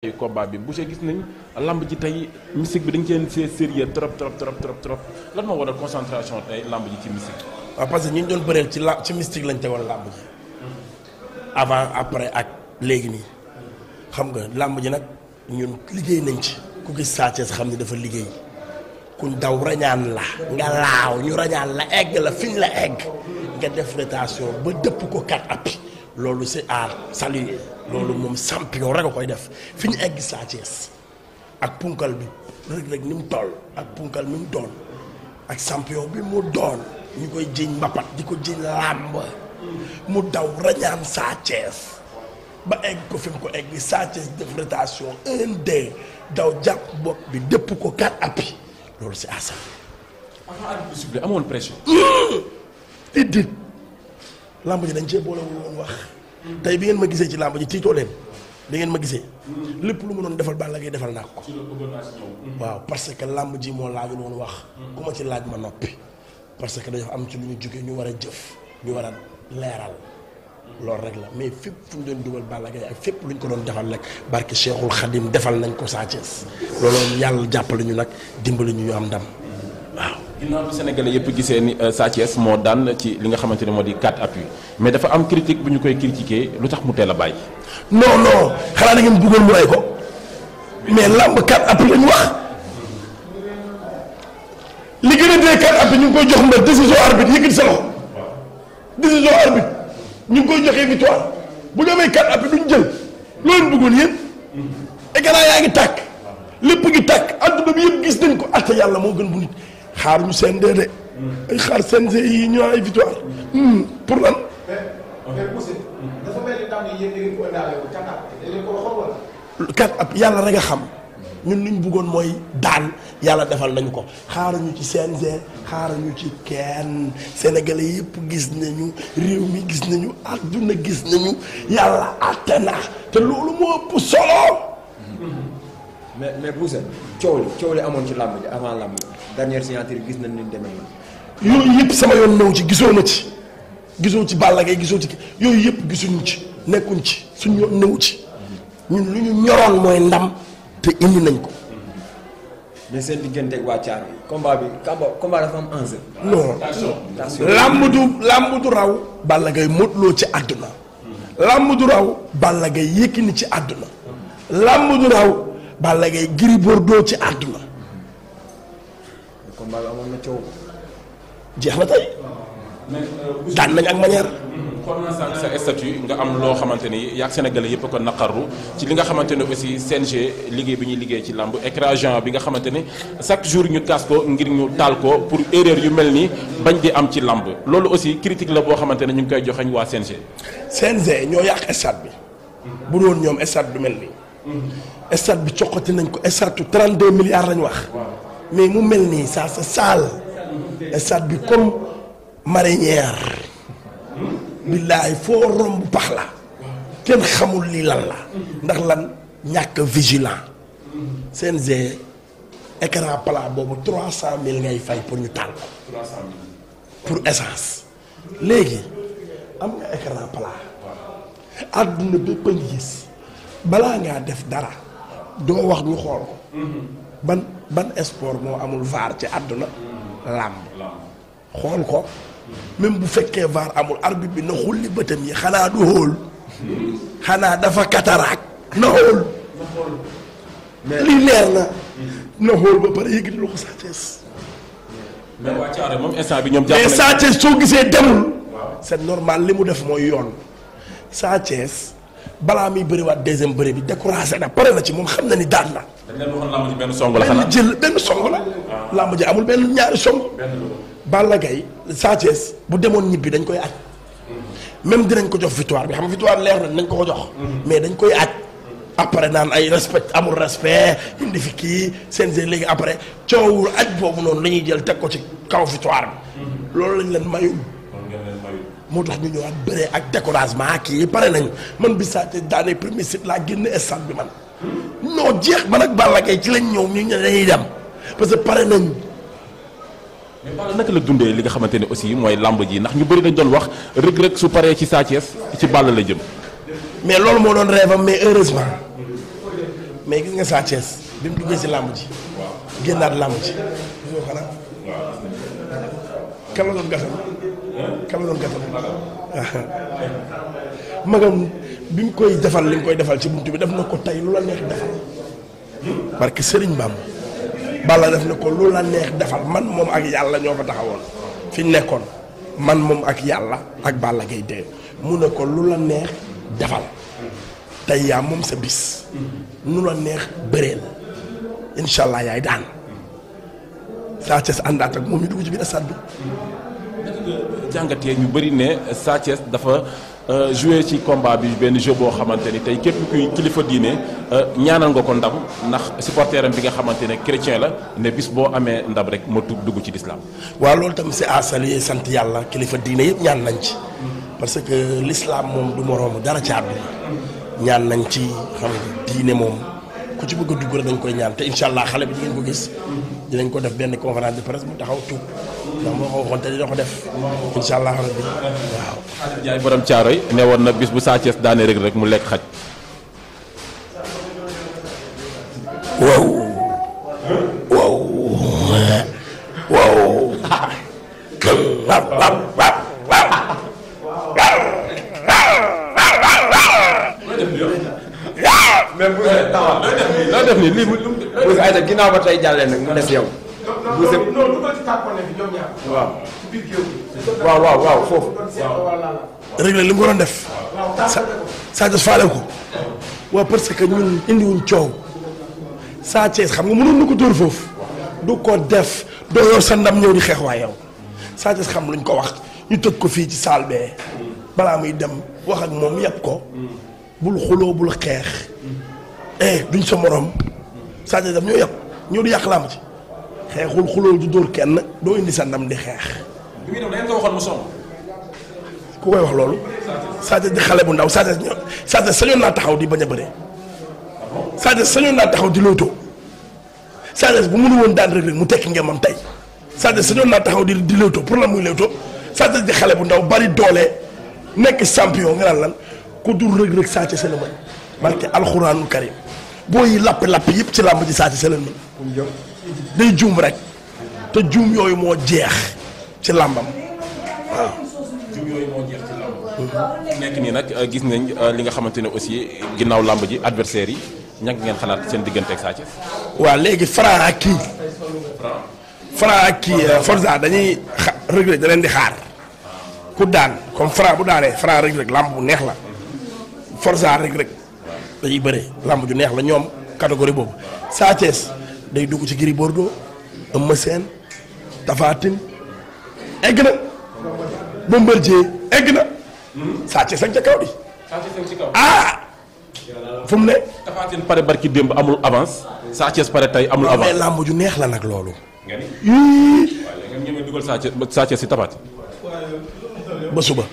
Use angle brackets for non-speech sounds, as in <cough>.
yu bi bu Boucher gis nañ lamb ji tey mystique bi dañ ceen see sérieux trop trop trop trop trop lan moo waral concentration tey lamb ji ci mystique waaw parce que ñi ñu doon bëreel ci la ci mystique lañ tegoon lamb ji ak léegi nii xam nga lamb ji nag ñun liggéey nañ ci ku gis saacee sa xam ne dafa liggéey kuñ daw rañaan la nga laaw ñu rañaan la egg la fiñ la egg nga def rotation ba dëpp ko kat appi loolu c'est à saluer loolu moom champion rek a koy def fi ñu egg Sa Thiès ak punkal bi Reug Reug ni mu toll ak punkal mi mu doon ak champion bi mu doon ñu koy jiñ mbapat di ko jiñ làmb mu daw rañaan Sa Thiès ba egg ko fi mu ko egg Sa Thiès def rotation daw jàpp bopp bi dëpp ko kat appi loolu si asam amoon dit lamb ji dañ cee boolewul woon wax tey bi ngeen ma gisee ci làmb ji tiitoo leen bi ngeen ma gisee lépp lu ma doon defal Balla Gaye defal naa ko mm-hmm. waaw parce que làmb ji moo laajul woon wax mm-hmm. ku ma ci laaj ma noppi parce que dañoo am ci lu ñu jógee ñu war a jëf ñu war a leeral loolu rek la mais fépp fu ñu doon dugal Balla Gaye ak fépp lu ñu ko doon defal rek barke Cheikhul Khadim defal nañ ko Sa Thiès loolu yàlla jàppale ñu nag dimbali ñu ñu am ndam ginnaaw bi sénégalais yëpp gisee ni euh, Sa moo daan ci li nga xamante ne moo di quatre appuis mais dafa am critique bu ñu koy critiquer lu tax mu teel a bàyyi. non non xanaa da ngeen bëggoon mu rey ko mais làmb quatre appuis la ñu wax li gën a dee quatre appuis ñu ngi koy jox mbër décision arbitre yëkkati sa loxo décision arbitre ñu ngi koy joxee victoire bu ñu amee quatre appuis duñ jël loolu bëggoon yëpp écran yaa ngi tàkk lépp ngi tàkk adduna bi yëpp gis nañ ko atte yàlla moo gën bu xaaruñu seen dee de ay xaar seen yi ñu ay victoire hmm, pour lan. kat ab yàlla rek a xam ñun li ñu bëggoon mooy daal yàlla defal nañu ko xaaruñu ci CNG xaaruñu ci kenn sénégalais yëpp gis nañu réew mi gis nañu àdduna gis nañu yàlla àtte na te loolu moo ëpp solo. mais mais Boussa coow li coow li amoon ci làmb ji avant làmb ji dernière signature gis nañ ni demee na. yooyu yëpp sama yoon naw ci gisoo ma ci gisoo ci Balla Gaye gisoo ci yooyu yëpp gisuñu ci nekkuñ ci suñu yoon naw ci ñun lu ñu ñoroon mooy ndam te indi nañ ko. mais seen diggante ak waa Thiar bi combat bi kamba combat dafa am enjeu. non làmb du làmb du raw. Balla Gaye motloo ci àdduna. làmb du raw. Balla Gaye Yékini ci àdduna. làmb du raw. Balla Gaye Gris doo ci àdduna. combat amoon na jeex na tey. Euh, daan nañ ak manière. xool naa sànq sa statut nga am loo xamante ni yaa Sénégalais yëpp ko naqarlu ci li nga xamante ne aussi CNG liggéey bi ñuy liggéey ci làmb écrasant bi nga xamante ni chaque jour ñu kaas ko ngir ñu taal ko pour erreur yu mel nii bañ di am ci làmb loolu aussi critique la boo xamante ne ñu ngi koy joxeñ waa CNG. CNG ñoo yàq stade bi. bu doon ñoom stade bi mel nii. stade bi coqati nañ ko stade 32 milliards lañ wax. mais mu mel nii saa se sale. stade bi comme marinière. Hmm? billaay foo romb pax la. kenn xamul lii lan la. Hmm. ndax lan ñàkk vigilant. Hmm. CNG écran plat boobu cent mille ngay fay pour ñu taal ko. 300000 pour essence. léegi am nga écran plat. àdduna bépp a ngi gis. balaa ngaa def dara doo wax ñu xool ko mm-hmm. ban ban sport moo amul vaar ci àdduna làmb xool ko même bu fekkee vaar amul arbitre bi na xulli bëtam yi xanaa du xool mm-hmm. xanaa dafa kataraak na xool lii leer na mm-hmm. na xool ba pare yëgit lu ko Sa Thiès mais bi ñoom jàpp mais Sa soo gisee demul c'est normal li mu def mooy yoon Sa balaa muy bëriwaat deuxième bëri bi découragé na pare na ci moom xam na ni daan na. dañ leen waxoon làmb ji benn song la xanaa jël benn song la. Ah. làmb ji amul benn ñaari song. Balla Gaye Sa Thiès bu demoon ñibbi dañ koy aj même dinañ ko jox victoire bi xam nga victoire leer na nañ ko ko jox. Mhm. mais dañ koy aj après naan ay respect amul respect indi fi kii seen seen léegi après coowul aj boobu noonu la ñuy jël teg ko ci kaw victoire bi. Mhm. loolu lañ leen mayul. moo tax ñu ñëwaat bëree ak découragement kii pare nañ man bi saa te daanee premier site laa génn stade bi man non jeex man ak Balla Gaye ci lañ ñëw ñu ne dañuy dem parce que pare nañ. mais Balla naka la dundee li nga xamante ne aussi mooy làmb ji ndax ñu bëri dañ doon wax Reug Reug su paree ci Sa ci Balla la jëm. mais loolu moo doon rêve am mais heureusement mais gis nga Sa Thiès bi mu duggee si làmb ji. waaw génnaat làmb ji. waaw. kan la doon gasal. kam la doon gàttal magam bi mu koy defal li nga koy defal ci buntu bi daf na ko tey lu la neex defal parce que Serigne Bamba Balla def na ko lu la neex defal man moom ak yàlla ñoo fa taxawoon fi nekkoon man moom ak yàlla ak Balla Gaye dee mu ne ko lu la neex defal tey yaa moom sa bis nu la neex bëreel incha allah yaay daan saa ca àndaat ak moom ñu dugg ci biir stade bi naka nga jàngatee ñu bëri ne Sa Thiès dafa euh, joué ci combat bi benn jeu boo xamante ni tey képp kuy kilifa diine euh, ñaanal nga ko ndam ndax supporteram bi nga xamante ne chrétien la ne bis boo amee ndab rek ma dugg ci l'islam waa loolu tam c'est à saluer sant yàlla kilifa diine yëpp ñaan nañ ci parce que l'islam moom du moroomu dara ci àdduna ñaan nañ ci xam nga diine moom ku ci bëgg dugg rek dañ koy ñaan te incha allah xale bi di ngeen ko gis dinañ ko def benn conférence de presse mu taxaw tuub ndax moo ko waxoon te dina ko def incha allah rabbi waaw. Aliou borom Thiaroy ne woon na bis bu Sa Thiès daane rek rek mu lekk xaj. waaw. waaw. waaw. <laughs> waaye nag ba tey jàllee nag mu des yow. bu se non non li mu waroon def. Sadio faale ko. waaw parce que ñun indiwuñ coow. Sa Thiès xam nga mënoon na ko dóor foofu. du ko def doo yor sa ndam ñëw di xeex waa yow. Sa Thiès xam luñ ko wax ñu tëj ko fii ci saal bee. balaa muy dem wax ak moom yàpp ko. Mm. bul xuloo bul xeex. eh duñ sa moroom Sadio Deme ñoo yem ñoo di yàq làmb ci xeexul xulóol du dóor kenn doo indi sa ndam di xeex. bi muy dem da ku koy wax loolu. Sadio di xale bu ndaw Sadio Sadio sañoon naa taxaw di bañ a bëree. Sadio sañoon naa taxaw di lootoo. Sadio bu mënu woon daan rek mu tekki ngeen moom tey. Sadio sañoon naa taxaw di di pour la muy lootoo Sadio di xale bu ndaw bari doole nekk champion nga naan lan ku dul rek rek Sadio sa la mën. barke alxuraanul karim booy lapp lapp yëpp ci làmb ji saa si sa leen mën day juum rek te juum yooyu moo jeex ci làmbam waaw. nekk nii nag euh, gis nañ euh, li nga xamante ne aussi ginnaaw làmb ji adversaire yi ñàkk ngeen xalaat seen digganteeg Sa Thiès. waaw léegi Franc ak kii. Franc ak kii euh, Forza dañuy xa Reug Reug da leen di xaar. ku daan comme Franc bu daanee faraa Reug Reug làmb bu neex la Forza Reug dañuy bëree làmb ju neex la ñoom catégorie boobu Sa day dugg ci Gris Bordeaux Eumeu Sène Tapha Tine egg na Bombardier egg na Sa Thiès sañ ca kaw di ah fu mu ne Tapha pare barki démb amul avance Sa pare tey amul avance mais làmb ju neex la nag loolu nga ñëwee dugal Sa Thiès ba suba